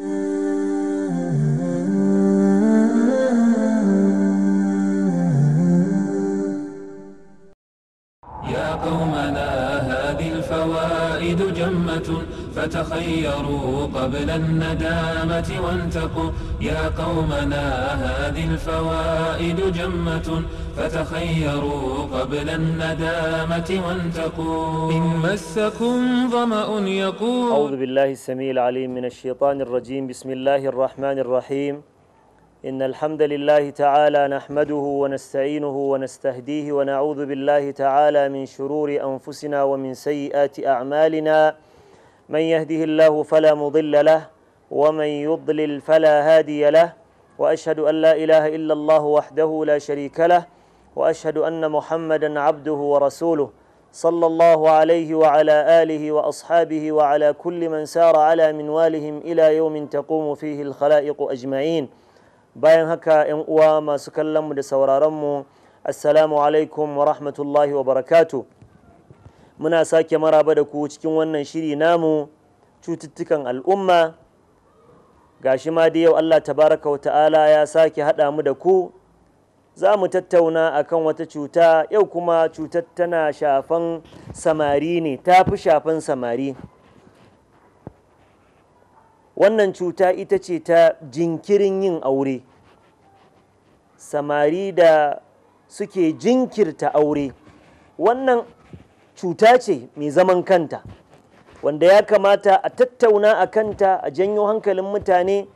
Mm-hmm. قبل الندامة وانتقوا يا قومنا هذه الفوائد جمة فتخيروا قبل الندامة وانتقوا إن مسكم ظمأ يقول أعوذ بالله السميع العليم من الشيطان الرجيم بسم الله الرحمن الرحيم إن الحمد لله تعالى نحمده ونستعينه ونستهديه ونعوذ بالله تعالى من شرور أنفسنا ومن سيئات أعمالنا من يهده الله فلا مضل له ومن يضلل فلا هادي له واشهد ان لا اله الا الله وحده لا شريك له واشهد ان محمدا عبده ورسوله صلى الله عليه وعلى اله واصحابه وعلى كل من سار على منوالهم الى يوم تقوم فيه الخلائق اجمعين bayan haka yan uwa masu kallon mu da sauraron mu assalamu alaikum wa rahmatullahi wa barakatuh muna sake maraba da ku cikin wannan shiri namu cututtukan al'umma gashi ma da yau Allah tabaraka wa ta'ala ya sake haɗa mu da ku za mu tattauna akan wata cuta yau kuma cutar tana shafan samari ne ta fi shafan samari wannan cuta ita ce ta jinkirin yin aure samari da suke jinkirta aure wannan cuta ce mai zaman kanta wanda ya kamata a tattauna a kanta a janyo hankalin mutane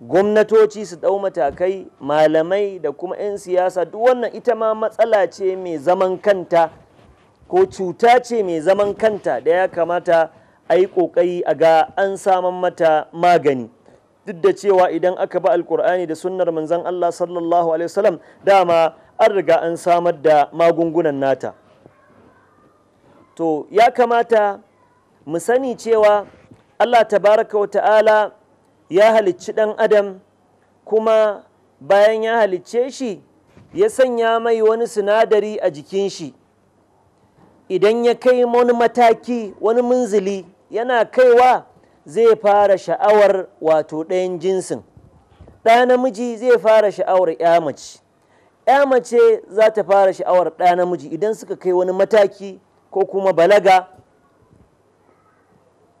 gwamnatoci su ɗau matakai malamai da kuma 'yan siyasa duk wannan ita ma matsala ce mai zaman kanta ko cuta ce mai zaman kanta da ya kamata a yi ƙoƙari a ga an saman mata magani duk da cewa idan aka bi alkur'ani da sunnar manzon Allah sallallahu alaihi wasallam dama an riga an samar da magungunan nata to ya kamata mu sani cewa Allah tabaraka wa ta'ala ya halicci ɗan adam kuma bayan ya halicce shi ya sanya mai wani sinadari a jikin shi idan ya kai wani mataki wani munzili yana kaiwa zai fara sha'awar wato ɗayan jinsin ɗa namiji zai fara sha'awar ya mace ya mace za ta fara sha'awar ɗa namiji idan suka kai wani mataki ko kuma balaga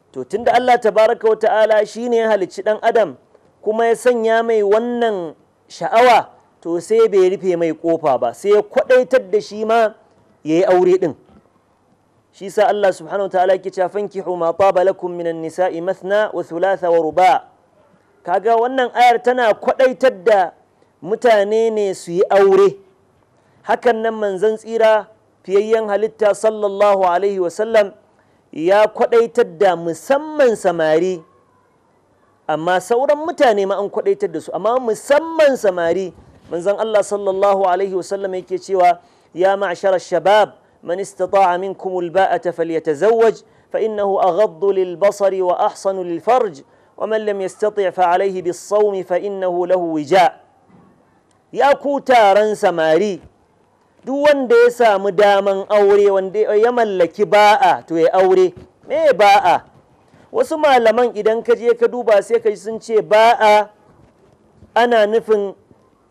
to tunda Allah tabaraka wata'ala shine ya halicci dan adam kuma ya sanya mai wannan sha'awa to sai bai rufe mai kofa ba sai ya kwadaitar da shi ma yayi aure din shi sa Allah subhanahu ta'ala yake cewa fankihu ma taba lakum minan nisa'i mathna wa thulatha wa ruba kaga wannan ayar tana kwadaitar da mutane ne su yi aure hakan nan manzon tsira fiyayyen halitta sallallahu alaihi wasallam ya kwadaitar da musamman samari amma sauran mutane ma an kwadaitar da su amma musamman samari manzon Allah sallallahu alaihi wasallam yake cewa ya ma'shara shabab man istata'a minkum alba'ata falyatazawwaj fa innahu aghaddu lil basari wa ahsanu lil farj wa man lam yastati' fa alayhi bis sawm fa innahu lahu wija ya ku taran samari duk wanda ya samu daman aure wanda ya mallaki ba'a to ya aure me ba'a wasu malaman idan ka je ka duba sai ka ji sun ce ba'a ana nufin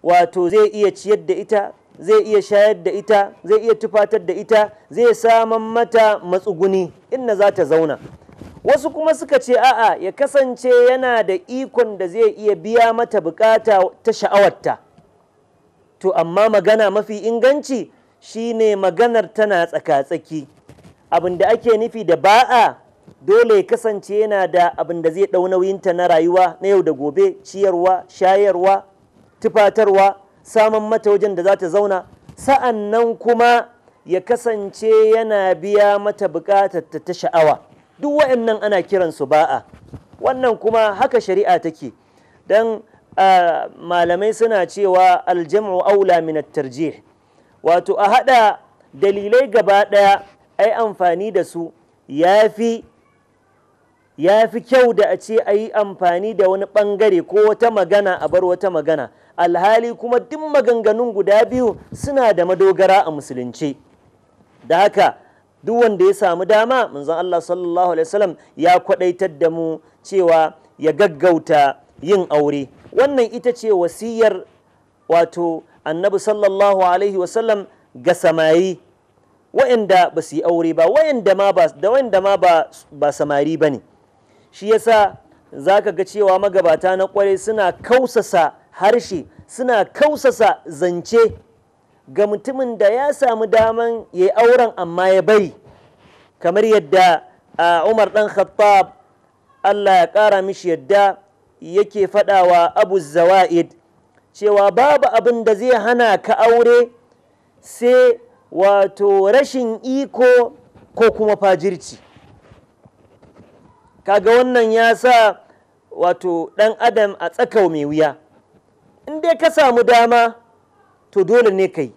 wato zai iya ciyar da ita zai iya shayar da ita zai iya tufatar da ita zai saman mata matsuguni inna za ta zauna wasu kuma suka ce a'a ya kasance yana da ikon da zai iya biya mata bukata ta sha'awarta to amma magana mafi inganci shine maganar tana tsaka-tsaki abin da ake nufi da ba'a dole kasance yana da abin da zai ɗau nauyinta na rayuwa na yau da gobe ciyarwa shayarwa tufatarwa samun mata wajen da za ta zauna Sa'annan kuma ya kasance yana biya mata buƙatar ta sha'awa duk wa'annan ana kiransu ba'a wannan kuma haka shari'a take don malamai suna cewa aljam'u aula min tarjih wato a haɗa dalilai gaba ɗaya ai amfani da su yafi ya fi kyau da a ce a yi amfani da wani ɓangare ko wata magana a bar wata magana alhali kuma duk maganganun guda biyu suna da madogara a musulunci da haka duk wanda ya samu dama manzon Allah sallallahu alaihi wasallam ya kwadaitar da mu cewa ya gaggauta yin aure wannan ita ce wasiyar wato annabi sallallahu alaihi wasallam ga samari wa'inda ba su yi aure ba wayanda ma ba da wa'inda ma ba ba samari ya shi yasa ka ga cewa magabata na kware suna kausasa harshe suna kausasa zance ga mutumin da ya samu daman ya yi auren amma ya bari kamar yadda umar dan khattab Allah ya ƙara mishi yadda yake faɗawa abu zawa'id cewa babu abin da zai hana ka aure sai wato rashin iko ko kuma fajirci kaga wannan ya sa wato ɗan adam a tsakau mai wuya in dai ka samu dama to dole ne kai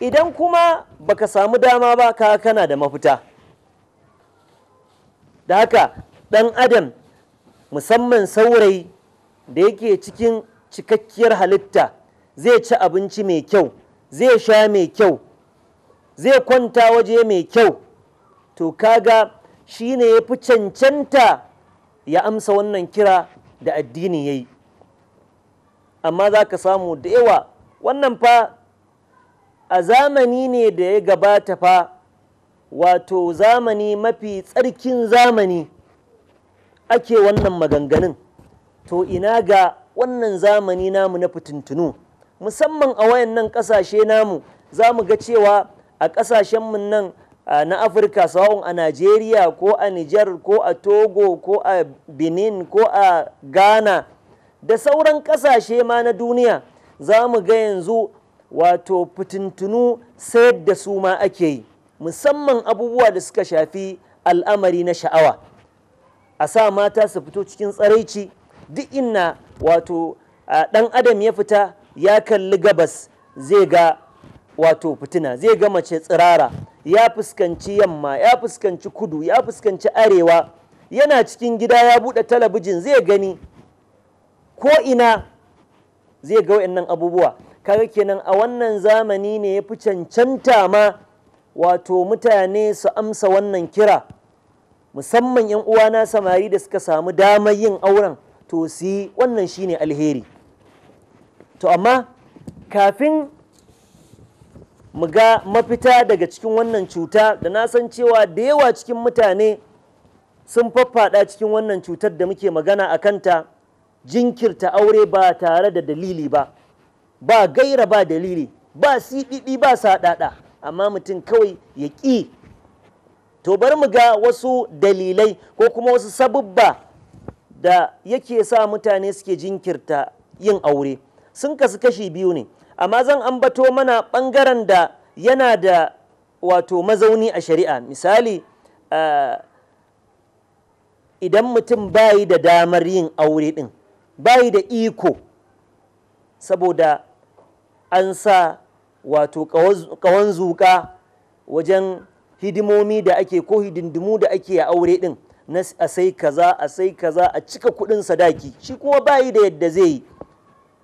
idan kuma baka samu dama ba ka kana da mafita da haka ɗan adam musamman saurayi da yake cikin cikakkiyar halitta zai ci abinci mai kyau zai sha mai kyau zai kwanta waje mai kyau to kaga shi ne ya fi cancanta ya amsa wannan kira da addini ya yi amma za ka samu da yawa wannan fa a zamani ne da ya gabata fa wato zamani mafi tsarkin zamani ake wannan maganganun to ina ga wannan zamani namu na fitintunu musamman a wayan nan ƙasashe namu za mu ga cewa a ƙasashenmu nan na afirka sawa'un a najeriya ko a nijar ko a togo ko a benin ko a ghana da sauran ƙasashe ma na duniya za mu ga yanzu wato fitintunu sayar da su ma ake yi musamman abubuwa da suka shafi al'amari na sha'awa a sa mata su fito cikin tsaraici duk inna wato dan adam ya fita ya kalli gabas zai ga wato fitina zai ga mace tsirara ya fuskanci yamma ya fuskanci kudu ya fuskanci arewa yana cikin gida ya buɗe talabijin zai gani ko ina zai ga wa'annan abubuwa kaga kenan a wannan zamani ne ya fi cancanta ma wato mutane su amsa wannan kira musamman 'yan uwana samari da suka samu damar yin auren to su wannan shine alheri to amma kafin mu ga mafita daga cikin wannan cuta da na san cewa da yawa cikin mutane sun faffaɗa cikin wannan cutar da muke magana a kanta jinkirta aure ba tare da dalili ba ba gaira ba dalili ba siɗiɗi ba saɗaɗa amma mutum kawai ya ƙi to bari mu ga wasu dalilai ko kuma wasu sabubba da yake sa mutane suke jinkirta yin aure sun kasu kashi biyu ne amma zan ambato mana ɓangaren da yana da wato mazauni a shari'a misali eh, idan mutum bayi da damar yin aure ɗin bayi da iko saboda an sa wato ƙawan zuka wajen hidimomi da ake ko hidindimu da ake a aure ɗin na a sai kaza a sai kaza a cika kudin sadaki shi kuma bayi da yadda zai yi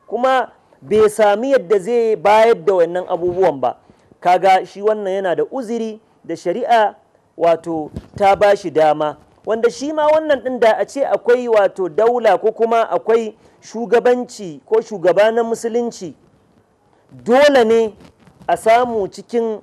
kuma bai sami yadda zai bayar da wannan abubuwan ba kaga shi wannan yana da uziri da shari'a wato ta ba shi dama wanda shi ma wannan ɗin da a ce akwai wato daula ko kuma akwai shugabanci ko shugaba na musulunci dole ne a samu cikin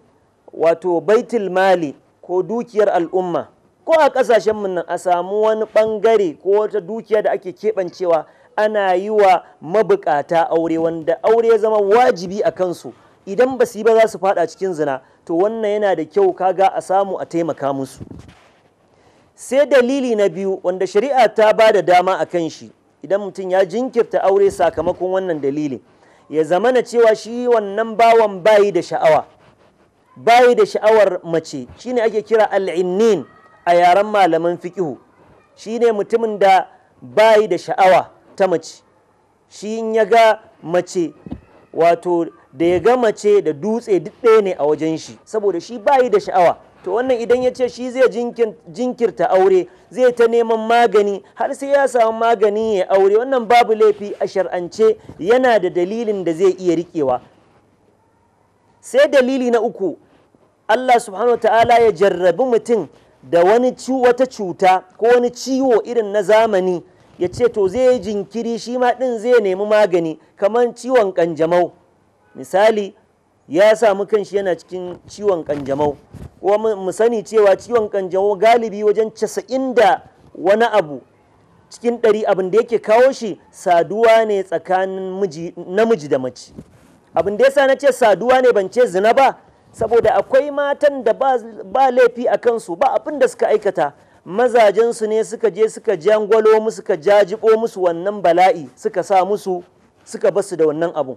wato baitul mali ko dukiyar al'umma ko a ƙasashen mu nan a samu wani ɓangare ko wata dukiya da ake keɓancewa ana yi wa mabukata aure wanda aure ya zama wajibi a kansu idan ba su yi ba za su faɗa cikin zina to wannan yana da kyau kaga a samu a taimaka musu sai dalili na biyu wanda shari'a ta ba da dama a kan shi idan mutum ya jinkirta aure sakamakon wannan dalili ya zama na cewa shi wannan bawan bayi da sha'awa bayi da sha'awar mace shine ake kira al'innin a yaren malaman fiƙihu shine mutumin da bayi da sha'awa ta mace shi ya ga mace wato da ya ga mace da dutse duk ɗaya ne a wajen shi saboda shi bayi da sha'awa to wannan idan ya ce shi zai jinkirta aure zai ta neman magani har sai ya samu magani ya aure wannan babu laifi a shar'ance yana da dalilin da zai iya rikewa sai dalili na uku Allah subhanahu ta'ala ya jarrabi mutum da wani wata cuta ko wani ciwo irin na zamani ya ce to zai yi jinkiri shi ma ɗin zai nemi magani kamar ciwon ƙanjamau misali ya samu kanshi yana cikin ciwon ƙanjamau ko mu sani cewa ciwon ƙanjamau galibi wajen casa'in da wani abu cikin ɗari abin da yake kawo shi saduwa ne tsakanin namiji da mace abin da ya sa na ce saduwa ne ban ce zina ba saboda akwai matan da ba laifi a kansu ba abin da suka aikata mazajensu ne suka je suka jangwalo musu suka jajibo musu wannan bala'i suka sa musu suka basu da wannan abun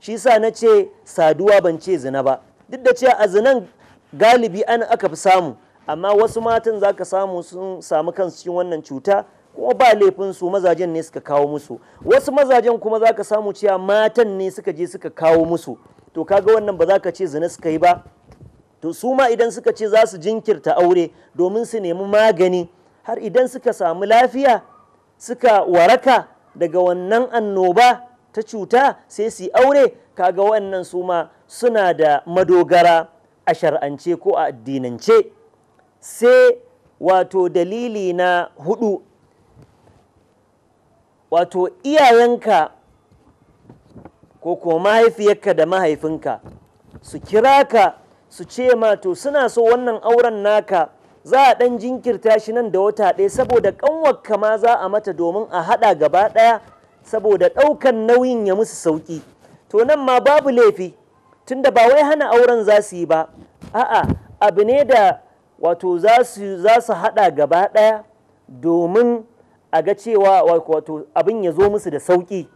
shi sa na ce saduwa ban ce zina ba duk da cewa a zinan galibi an aka fi samu amma wasu matan za ka samu sun samu kansu cikin wannan cuta kuma ba laifinsu mazajen ne suka kawo musu wasu mazajen kuma za ka samu cewa matan ne suka je suka kawo musu to kaga wannan ba za ka ce zina suka yi ba to su ma idan suka ce za su jinkirta aure domin su nemi magani har idan suka samu lafiya suka waraka daga wannan annoba ta cuta sai su aure kaga wannan su ma suna da madogara a shar'ance ko a addinance sai wato dalili na hudu wato iyayenka ko ko mahaifiyarka da mahaifinka su kira ka su ce ma to suna so wannan auren naka za a ɗan jinkirta shi nan da wata ɗaya saboda ƙanwarka ma za a mata domin a haɗa gaba ɗaya saboda ɗaukan nauyin ya musu sauƙi to nan ma babu laifi tunda ba wai hana auren za su yi ba a'a abu ne da wato za su haɗa gaba ɗaya domin a ga cewa wato abin ya zo musu da sauƙi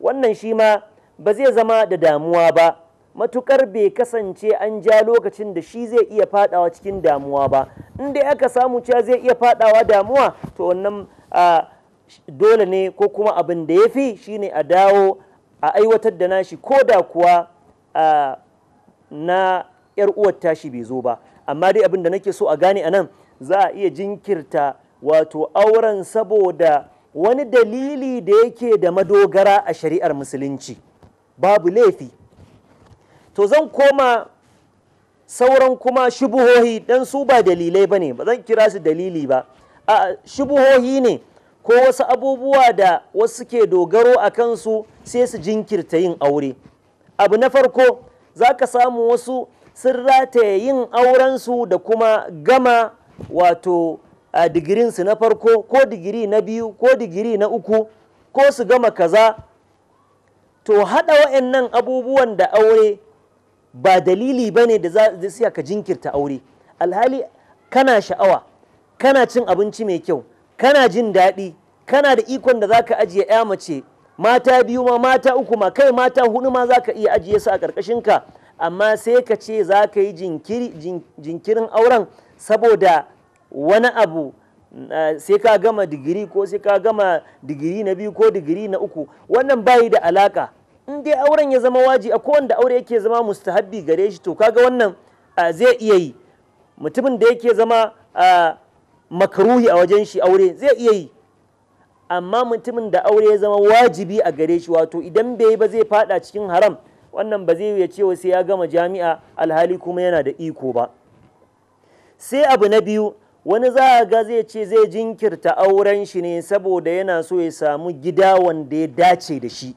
wannan shi ma ba zai zama da damuwa ba matukar bai kasance an ja lokacin da shi zai iya fadawa cikin damuwa ba in dai aka samu cewa zai iya fadawa damuwa to wannan dole ne ko kuma abin da ya fi shine a dawo a aiwatar da nashi ko da kuwa na yar uwar tashi bai zo ba amma dai abin da nake so a gane anan za a iya jinkirta wato auren saboda wani dalili da yake da madogara a shari'ar musulunci babu laifi to zan koma sauran kuma shubuhohi dan su ba dalilai ba ne ba zan kira su dalili ba a shubuhohi ne ko wasu abubuwa da wasu ke dogaro a kansu sai su jinkirta yin aure abu na farko za ka samu wasu sun rataye yin aurensu da kuma gama wato a digirinsu na farko ko digiri na biyu ko digiri na uku ko su gama kaza to haɗa wa'annan abubuwan da aure ba dalili ba ne da za su ka jinkirta aure alhali kana sha'awa kana cin abinci mai kyau kana jin daɗi kana da ikon da za ka ajiye ya mace mata biyu ma mata uku ma kai mata hudu ma za ka iya ajiye su a ka amma sai ka ce za ka yi jinkirin auren saboda wani abu Eh, sai ka gama digiri ko sai ka gama digiri na biyu ko digiri na uku wannan bayi da alaka in dai auren ya zama waji a kowanne aure yake zama mustahabbi gare shi to kaga wannan eh, zai iya yi mutumin da yake zama eh, makaruhi a wajen shi aure zai iya yi amma mutumin da aure ya zama wajibi a gare shi wato idan bai ba zai fada cikin haram wannan ba zai ya ce sai ya gama jami'a alhali kuma yana da iko ba sai abu na biyu wani za a ga zai ce zai jinkirta auren shi ne saboda yana so ya samu gida wanda ya dace da shi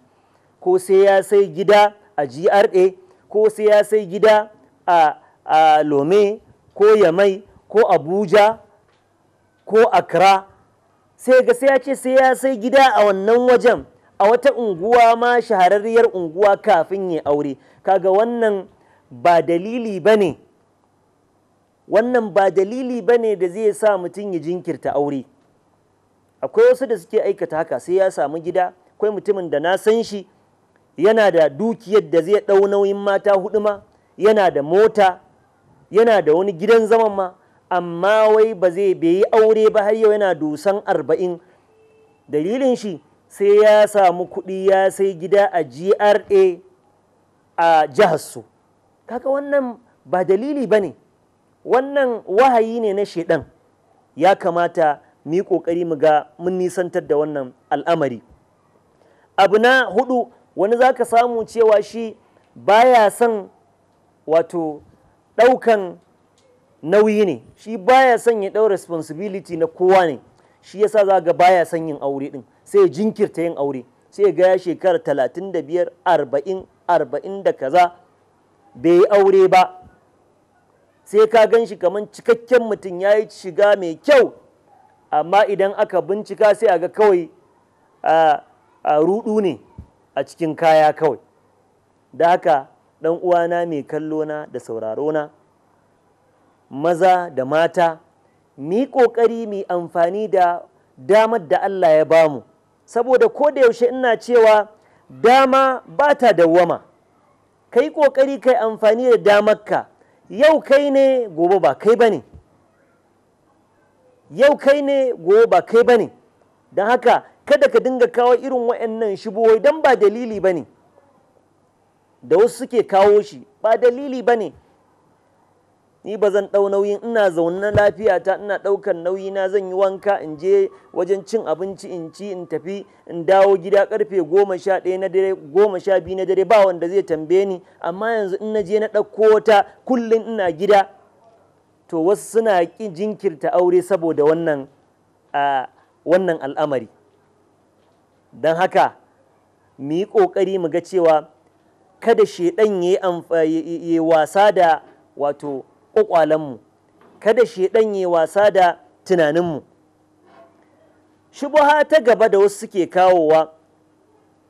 ko sai ya sai gida a gra ko sai ya sai gida a, a lome ko yamai ko abuja ko accra sai ga sai ya ce sai ya sai gida a wannan wajen a wata unguwa ma shahararriyar unguwa kafin ya aure kaga wannan ba dalili ba ne wannan ba dalili ba ne da zai sa mutum ya jinkirta aure akwai wasu da suke aikata haka sai ya samu gida akwai mutumin da na san shi yana da dukiyar da zai ɗau nauyin mata hudu ma yana da mota yana da wani gidan zaman ma amma wai ba zai yi aure ba har yau yana dusan arba'in dalilin shi sai ya samu kuɗi ya sai gida a gra a jihar su kaga wannan ba dalili ba ne wannan wahayi ne na shaidan ya kamata mu yi ƙoƙari mu ga mun nisantar da wannan al'amari abu na hudu wani za ka samu cewa shi baya son wato ɗaukan nauyi ne shi baya son ya ɗau responsibility na kowa ne shi yasa za ga baya son yin aure ɗin sai ya jinkirta yin aure sai ga ya shekara talatin da biyar arba'in arba'in da kaza bai yi aure ba sai ka gan shi kamar cikakken mutum ya yi shiga mai kyau amma idan aka bincika sai a ga kawai a rudu ne a cikin kaya kawai da haka ɗan uwana mai kallona da na maza da mata mi yi ƙoƙari amfani da damar da Allah ya bamu saboda ko da yaushe ina cewa dama ba ta dawwama kai ƙoƙari ka amfani da damar ka. yau kai ne gobe ba kai ba ne yau kai ne gobe ba kai ba ne don haka kada ka dinga kawo irin wa'annan shibohoi don ba dalili ba ne da wasu suke kawo shi ba dalili ba ne ni ba zan ɗau nauyin ina zaune lafiya ta ina ɗaukan nauyi na zan yi wanka in je wajen cin abinci in ci in tafi in dawo gida karfe goma sha na dare goma sha biyu na dare ba wanda zai tambaye ni amma yanzu in na je na ɗauko wata kullum ina gida to wasu suna ƙin jinkirta aure saboda wannan wannan al'amari don haka mu yi ƙoƙari mu ga cewa kada shaidan ya yi wasa da wato ƙwaƙwalenmu kada ɗan ya wasa da tunaninmu shubuha ta gaba da wasu suke kawowa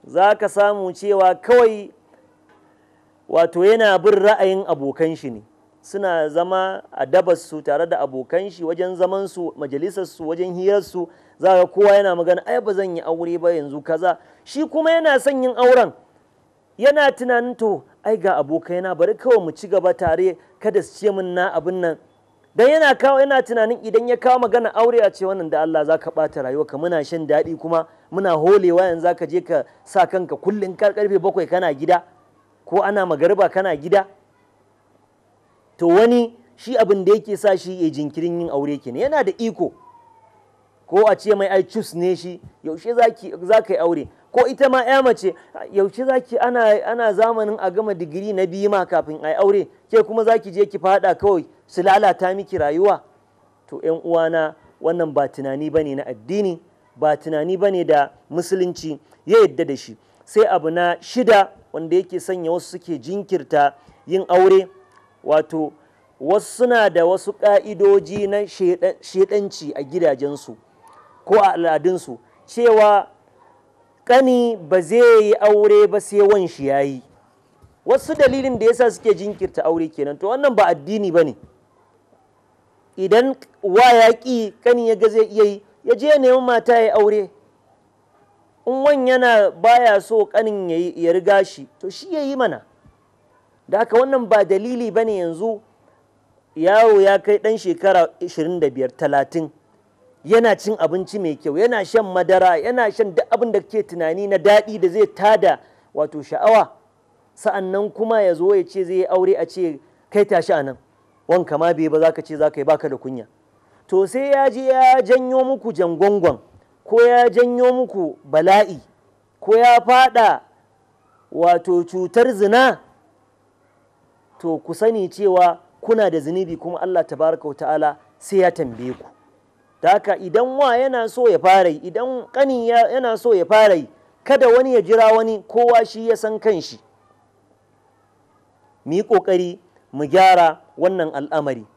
za ka samu cewa kawai wato yana bin ra'ayin abokan shi ne suna zama a dabarsu tare da abokan shi wajen zamansu majalisarsu wajen hirarsu za ga kowa yana magana ai ba zan yi aure ba yanzu kaza shi kuma yana son yin auren yana tunanin to ai ga abokaina bari kawai mu ci gaba tare kada su ce min na abin nan dan yana kawo yana tunanin idan ya kawo magana aure a ce wannan da Allah za ka bata rayuwa ka muna shan daɗi kuma muna holewa yanzu ka je ka sa kanka kullun karfe bakwai kana gida ko ana magariba kana gida to wani shi abin da yake sa shi ya jinkirin yin aure kenan yana da iko ko a ce mai ai cus ne shi yaushe za ka yi aure ko ita ma ya mace yaushe za ki ana zamanin a gama digiri na biyu ma kafin ai aure ke kuma za ki je ki fada kawai su lalata miki rayuwa to yan uwana wannan ba tunani bane na addini ba tunani bane da musulunci ya yadda da shi sai abu na shida wanda yake sanya wasu suke jinkirta yin aure wato wasu suna da wasu ƙa'idoji na shedanci a gidajensu ko a al'adunsu cewa ƙani ba zai yi aure ba sai wan shi ya yi wasu dalilin da yasa suke jinkirta aure kenan to wannan ba addini ba ne idan wa ya ƙi ƙani ya zai iya yi ya je nemi mata ya aure in wan yana baya so ƙanin ya riga shi to shi ya yi mana da haka wannan ba dalili ba ne yanzu yaro ya kai ɗan shekara 25 30 yana cin abinci mai kyau yana shan madara yana shan duk abin da ke tunani na daɗi da zai tada wato sha'awa sa'an nan kuma ya zo ya ce zai yi aure a ce kai tashi a nan wanka ma bai ba za ka ce za ka yi baka da kunya to sai ya je ya janyo muku jangwangwan ko ya janyo muku bala'i ko ya faɗa wato cutar zina to ku sani cewa kuna da zunubi kuma Allah tabaraka ta'ala sai ya tambaye ku ta haka idan wa yana so ya fara yi idan ƙani yana so ya fara yi kada wani ya jira wani kowa shi ya san kanshi shi mu yi ƙoƙari mu gyara wannan al'amari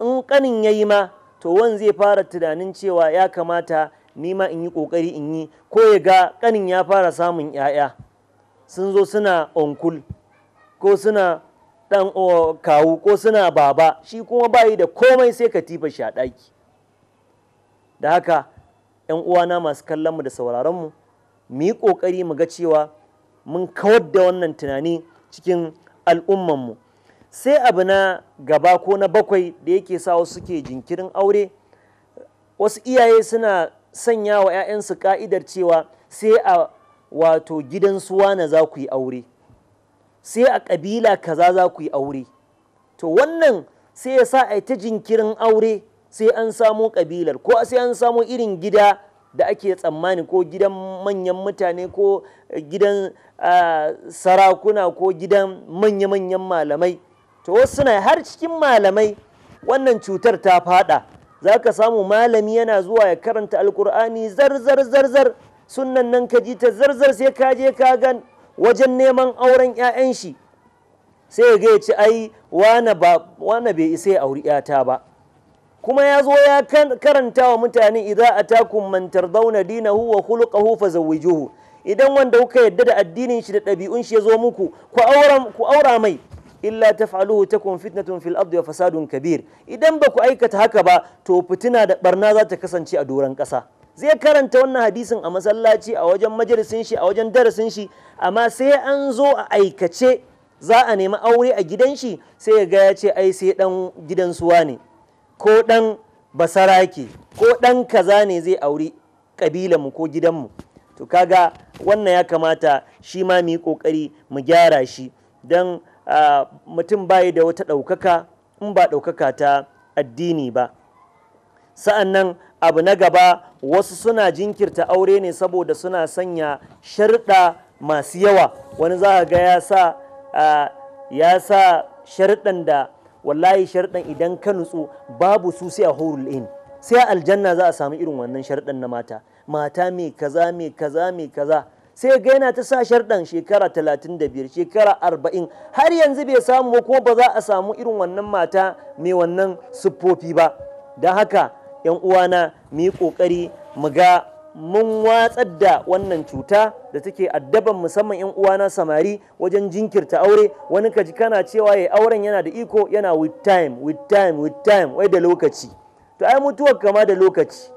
in ƙanin ya yi ma to wan zai fara tunanin cewa ya kamata ni ma in yi ƙoƙari in yi ko ya ga ƙanin ya fara samun ‘ya'ya sun zo suna onkul ko suna ɗan kawu ko suna baba shi kuma bayi da komai sai katifa shi a ɗaki da haka 'yan uwana masu kallonmu da sauraronmu mu yi ƙoƙari mu ga cewa mun kawar da wannan tunani cikin al'ummanmu sai abu na gaba ko na bakwai da yake sa wasu suke jinkirin aure wasu iyaye suna sanya wa 'ya'yansu ka'idar cewa sai a wato gidan suwa na za ku yi aure sai a ƙabila kaza za ku yi aure to wannan sai ya sa a yi ta jinkirin aure sai an samo kabilar ko sai an samo irin gida da ake tsammani ko gidan manyan mutane ko gidan sarakuna ko gidan manya-manyan malamai to wasu na har cikin malamai wannan cutar ta fada za ka samu malami yana zuwa ya karanta alkur'ani zarzar zarzar sunan nan ka ji ta zarzar sai ka je ka gan wajen neman auren 'ya'yan shi sai ya ga ya ci ai wane bai isa ya auri 'yata ba kuma ya zo ya karanta wa mutane idan idza atakum mantar zauna dinahu wa zawai fazawwijuhu idan wanda kuka yadda da addinin shi da ɗabi'un shi ya zo muku ku aura ku aura mai illa taf'aluhu takun fitnatun fil ardi wa fasadun kabir idan ba ku aikata haka ba to fitina da barna za ta kasance a doron ƙasa zai karanta wannan hadisin a masallaci a wajen majalisin shi a wajen darasin shi amma sai an zo a aikace za a nemi aure a gidan shi sai ya ga ya ce ai sai dan gidan suwa ne ko ɗan basarake ko ɗan kaza ne zai auri mu ko mu to kaga wannan ya kamata shi ma mu yi ƙoƙari mu gyara shi don mutum bayi da wata ɗaukaka in ba ɗaukaka ta addini ba sa'an nan abu na gaba wasu suna jinkirta aure ne saboda suna sanya sharɗa masu yawa wani za ga ya ya sa sharɗan da wallahi sharɗan idan ka nutsu babu su sai a horul in sai aljanna za a samu irin wannan sharɗan na mata mata mai kaza mai kaza mai kaza sai ga yana ta sa sharɗan shekara talatin da biyar shekara arba'in har yanzu bai samu ba kuma ba za a samu irin wannan mata mai wannan siffofi ba don haka 'yan uwana mu yi ƙoƙari mu ga mun watsar da wannan cuta da take addaban musamman yan uwana samari wajen jinkirta aure wani kaji kana cewa ya auren yana da iko yana with time with time with time wai da lokaci to ai mutuwar kama da lokaci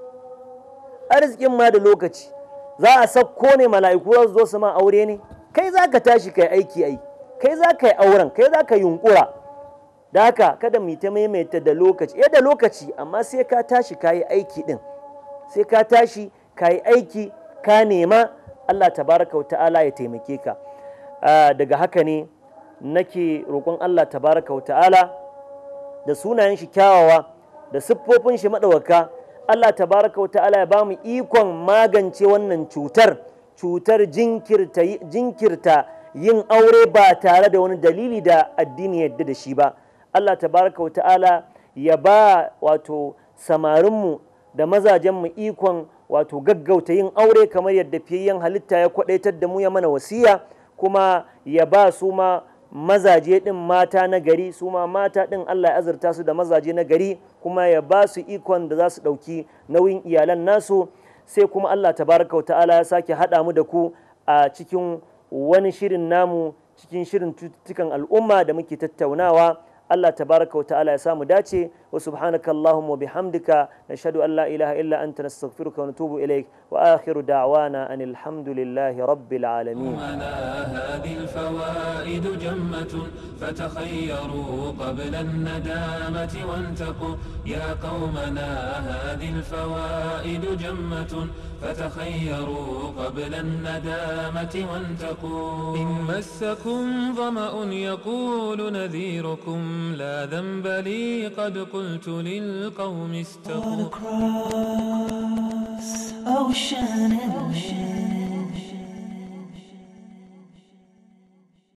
arzikin ma da lokaci za a sakko ne mala'iku za su zo su ma aure ne kai za ka tashi kai aiki ai kai za ka yi auren kai za ka yunkura da haka kada mu ta maimaita da lokaci ya da lokaci amma sai ka tashi ka yi aiki din sai ka tashi ka yi aiki ka nema Allah tabaraka wa ta'ala ya taimake ka daga haka ne nake roƙon Allah tabaraka wa ta'ala da sunayen shi kyawawa da siffofin shi maɗauka Allah tabaraka wa ta'ala ya ba mu ikon magance wannan cutar cutar jinkirta yin aure ba tare da wani dalili da addini yadda da shi ba Allah tabaraka wa ta'ala ya ba wato samarinmu da mazajenmu ikon wato gaggauta yin aure kamar yadda fiyayyen halitta ya kwadaitar da mu ya mana wasiya kuma ya ba su ma mazaje din mata na gari su ma mata din Allah ya azurta su da mazaje na gari kuma ya ba su ikon da za su ɗauki nauyin iyalan nasu sai kuma Allah tabaraka wa ta'ala ya sake haɗa mu da ku a cikin wani shirin namu cikin shirin cututtukan al'umma da muke tattaunawa Allah tabaraka wa ta'ala ya samu dace وسبحانك اللهم وبحمدك نشهد أن لا إله إلا أنت نستغفرك ونتوب إليك وآخر دعوانا أن الحمد لله رب العالمين هذه الفوائد جمة فتخيروا قبل الندامة وانتقوا يا قومنا هذه الفوائد جمة فتخيروا قبل الندامة وانتقوا إن مسكم ظمأ يقول نذيركم لا ذنب لي قد قلت قلت للقوم استووا